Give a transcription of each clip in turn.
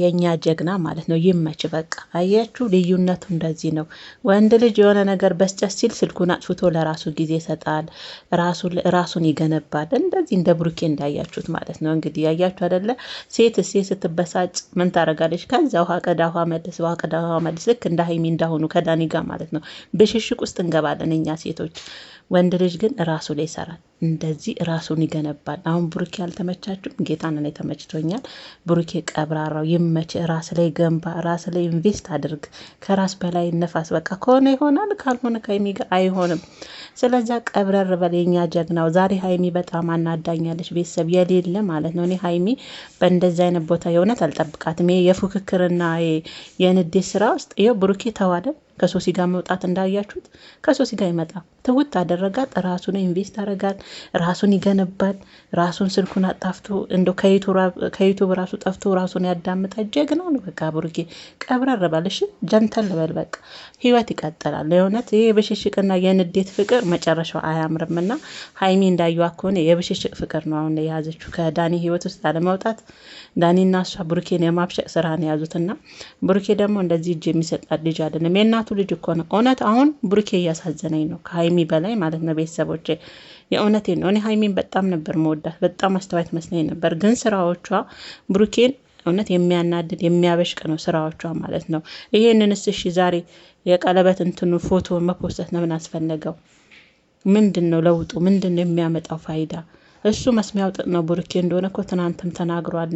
የኛ ጀግና ማለት ነው። ይመች በቃ አያችሁ፣ ልዩነቱ እንደዚህ ነው። ወንድ ልጅ የሆነ ነገር በስጨት ሲል ስልኩን አጥፍቶ ለራሱ ጊዜ ይሰጣል፣ ራሱን ይገነባል። እንደዚህ እንደ ብሩኬ እንዳያችሁት ማለት ነው። እንግዲህ ያያችሁ አደለ? ሴት ሴት ስትበሳጭ ምን ታደርጋለች? ከዛ ውሃ ቀዳ ውሃ መልስ፣ ውሃ ቀዳ ውሃ መልስ። ልክ እንደ ሀይሚ እንዳሆኑ ከዳኒ ጋር ማለት ነው። ብሽሽቅ ውስጥ እንገባለን እኛ ሴቶች ወንድ ልጅ ግን ራሱ ላይ ይሰራል። እንደዚህ ራሱን ይገነባል። አሁን ብሩኬ አልተመቻችም? ጌታን ላይ ተመችቶኛል። ብሩኬ ቀብራራው ይመች፣ ራስ ላይ ገንባ፣ ራስ ላይ ኢንቨስት አድርግ። ከራስ በላይ ነፋስ። በቃ ከሆነ ይሆናል፣ ካልሆነ ከሀይሚ ጋር አይሆንም። ስለዚያ ቀብረር በል የኛ ጀግናው። ዛሬ ሀይሚ በጣም አናዳኛለች፣ ቤተሰብ የሌለ ማለት ነው። እኔ ሀይሚ በእንደዚህ አይነት ቦታ የእውነት አልጠብቃትም። የፉክክርና የንዴት ስራ ውስጥ ይኸው ብሩኬ ተዋለ ከሶሲ ጋር መውጣት እንዳያችሁት ከሶሲ ጋር ይመጣል። ትውት አደረጋት። ራሱን ኢንቨስት አደረጋል። ራሱን ይገነባል። ራሱን ስልኩን አጣፍቶ እንደ ከዩቱብ ራሱ ጠፍቶ ራሱን ያዳምጣ። ጀግና ነው። በቃ ብሩኬ ቀብረረባል። እሺ፣ ጀንተል በል በቃ። ህይወት ይቀጥላል። ለእውነት ይህ የብሽሽቅና የንዴት ፍቅር መጨረሻው አያምርም እና ሀይሚ እንዳየዋ ከሆነ የብሽሽቅ ፍቅር ነው አሁን የያዘችው ከዳኒ ህይወት ውስጥ አለመውጣት። ዳኒና እሷ ብሩኬን የማብሸቅ ስራ ነው የያዙትና ብሩኬ ደግሞ እንደዚህ እጅ የሚሰጣት ልጅ አይደለም። የእናቱ ልጅ እኮ ነው። እውነት አሁን ብሩኬ እያሳዘነኝ ነው ከሀይሚ በላይ ማለት ነው። ቤተሰቦች የእውነቴ ነው። እኔ ሀይሚን በጣም ነበር መወዳት፣ በጣም አስተዋይ ትመስለኝ ነበር፣ ግን ስራዎቿ ብሩኬን እውነት የሚያናድድ የሚያበሽቅ ነው ስራዎቿ ማለት ነው። ይሄንንስ እሺ ዛሬ የቀለበት እንትኑ ፎቶ መፖሰት ነው ምን አስፈለገው? ምንድን ነው ለውጡ? ምንድን ነው የሚያመጣው ፋይዳ? እሱ መስሚያው ጥጥ ነው ቡርኬ እንደሆነ እኮ ትናንትም ተናግሯል።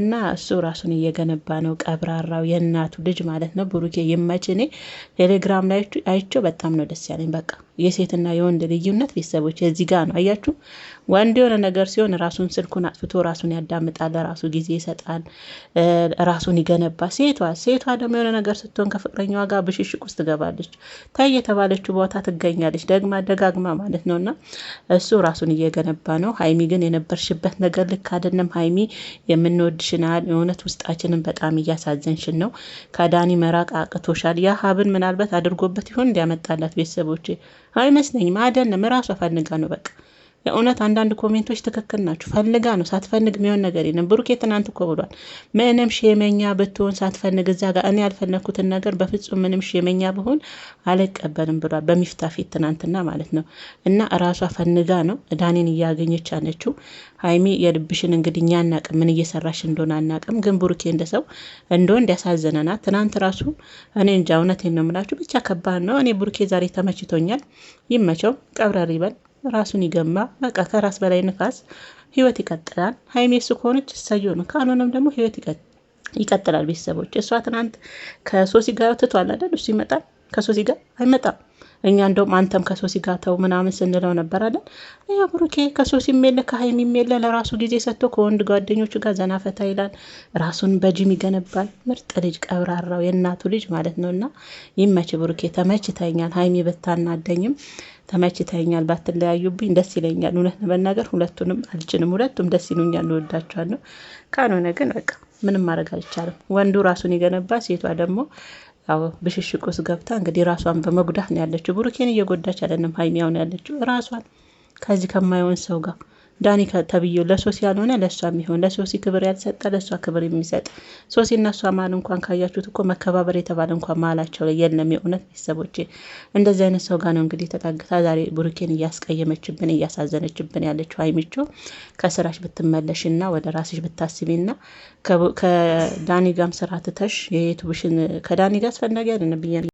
እና እሱ ራሱን እየገነባ ነው። ቀብራራው የእናቱ ልጅ ማለት ነው። ቡሩኬ ይመች። እኔ ቴሌግራም ላይ አይቼው በጣም ነው ደስ ያለኝ። በቃ የሴትና የወንድ ልዩነት ቤተሰቦች እዚህ ጋር ነው። አያችሁ ወንድ የሆነ ነገር ሲሆን ራሱን ስልኩን አጥፍቶ ራሱን ያዳምጣል፣ ራሱ ጊዜ ይሰጣል፣ ራሱን ይገነባል። ሴቷ ሴቷ ደግሞ የሆነ ነገር ስትሆን ከፍቅረኛዋ ጋር ብሽሽቅ ውስጥ ትገባለች። ታይ የተባለችው ቦታ ትገኛለች፣ ደግማ ደጋግማ ማለት ነው። እና እሱ ራሱን እየገነባ ነው። ሀይሚ ግን የነበርሽበት ነገር ልክ አይደለም። ሀይሚ የምንወድሽናል፣ የእውነት ውስጣችንን በጣም እያሳዘንሽን ነው። ከዳኒ መራቅ አቅቶሻል። ያ ሀብን ምናልባት አድርጎበት ይሆን እንዲያመጣላት ቤተሰቦች አይመስለኝም አይደለም ራሷ ፈልጋ ነው በቃ የእውነት አንዳንድ ኮሜንቶች ትክክል ናቸው። ፈልጋ ነው ሳትፈልግ የሚሆን ነገር የለም። ብሩኬ ትናንት እኮ ብሏል። ምንም ሽመኛ ብትሆን ሳትፈልግ እዛ ጋር እኔ ያልፈለግኩትን ነገር በፍጹም ምንም ሽመኛ ብሆን አልቀበልም ብሏል። በሚፍታ ፊት ትናንትና ማለት ነው። እና ራሷ ፈልጋ ነው ዳኔን እያገኘች አለችው። ሀይሚ የልብሽን እንግዲህ እኛ አናቅም፣ ምን እየሰራሽ እንደሆነ አናቅም። ግን ብሩኬ እንደሰው እንደወንድ ያሳዘነናት ትናንት ራሱ እኔ እንጃ እውነቴን ነው የምላችሁ። ብቻ ከባድ ነው። እኔ ብሩኬ ዛሬ ተመችቶኛል። ይመቸው ቀብረር ይበል። ራሱን ይገማ። በቃ ከራስ በላይ ንፋስ፣ ህይወት ይቀጥላል። ሀይሜ እሱ ከሆነች እሰየው ነው፣ ካልሆነም ደግሞ ህይወት ይቀጥላል። ቤተሰቦች እሷ ትናንት ከሶሲ ጋር ትቷል አይደል? እሱ ይመጣል ከሶሲ ጋር አይመጣም። እኛ እንደውም አንተም ከሶሲ ጋር ተው ምናምን ስንለው ነበር አይደል? ያ ብሩኬ ከሶሲ የሚለ ከሀይሚ የሚለ ለራሱ ጊዜ ሰጥቶ ከወንድ ጓደኞቹ ጋር ዘና ፈታ ይላል። ራሱን በጂም ይገነባል። ምርጥ ልጅ ቀብራራው የእናቱ ልጅ ማለት ነው። እና ይመች ብሩኬ፣ ተመችተኛል። ሀይሚ ብታናደኝም ተመችተኛል። ባትለያዩብኝ ደስ ይለኛል። እውነት በናገር ሁለቱንም አልችንም። ሁለቱም ደስ ይሉኛል፣ እወዳቸዋለሁ። ካልሆነ ግን በቃ ምንም ማድረግ አልቻለም። ወንዱ ራሱን ይገነባ፣ ሴቷ ደግሞ ያው ብሽሽቅ ውስጥ ገብታ እንግዲህ ራሷን በመጉዳት ነው ያለችው። ብሩኬን እየጎዳች አይደለም ሀይሚ ነው ያለችው ራሷን ከዚህ ከማይሆን ሰው ጋር ዳኒ ተብዬው ለሶሲ ያልሆነ ለእሷ የሚሆን ለሶሲ ክብር ያልሰጠ ለእሷ ክብር የሚሰጥ ሶሲ እና እሷ መሀል እንኳን ካያችሁት እኮ መከባበር የተባለ እንኳን መሀላቸው ላይ የለም። የእውነት ቤተሰቦች እንደዚህ አይነት ሰው ጋር ነው እንግዲህ ተጠግታ ዛሬ ብሩኬን እያስቀየመችብን እያሳዘነችብን ያለችው ሀይሚቾ ከስራሽ ብትመለሽ ና ወደ ራስሽ ብታስቢ ና ከዳኒ ጋም ስራ ትተሽ የዩቱብሽን ከዳኒ ጋር አስፈላጊ አይደለም ብያ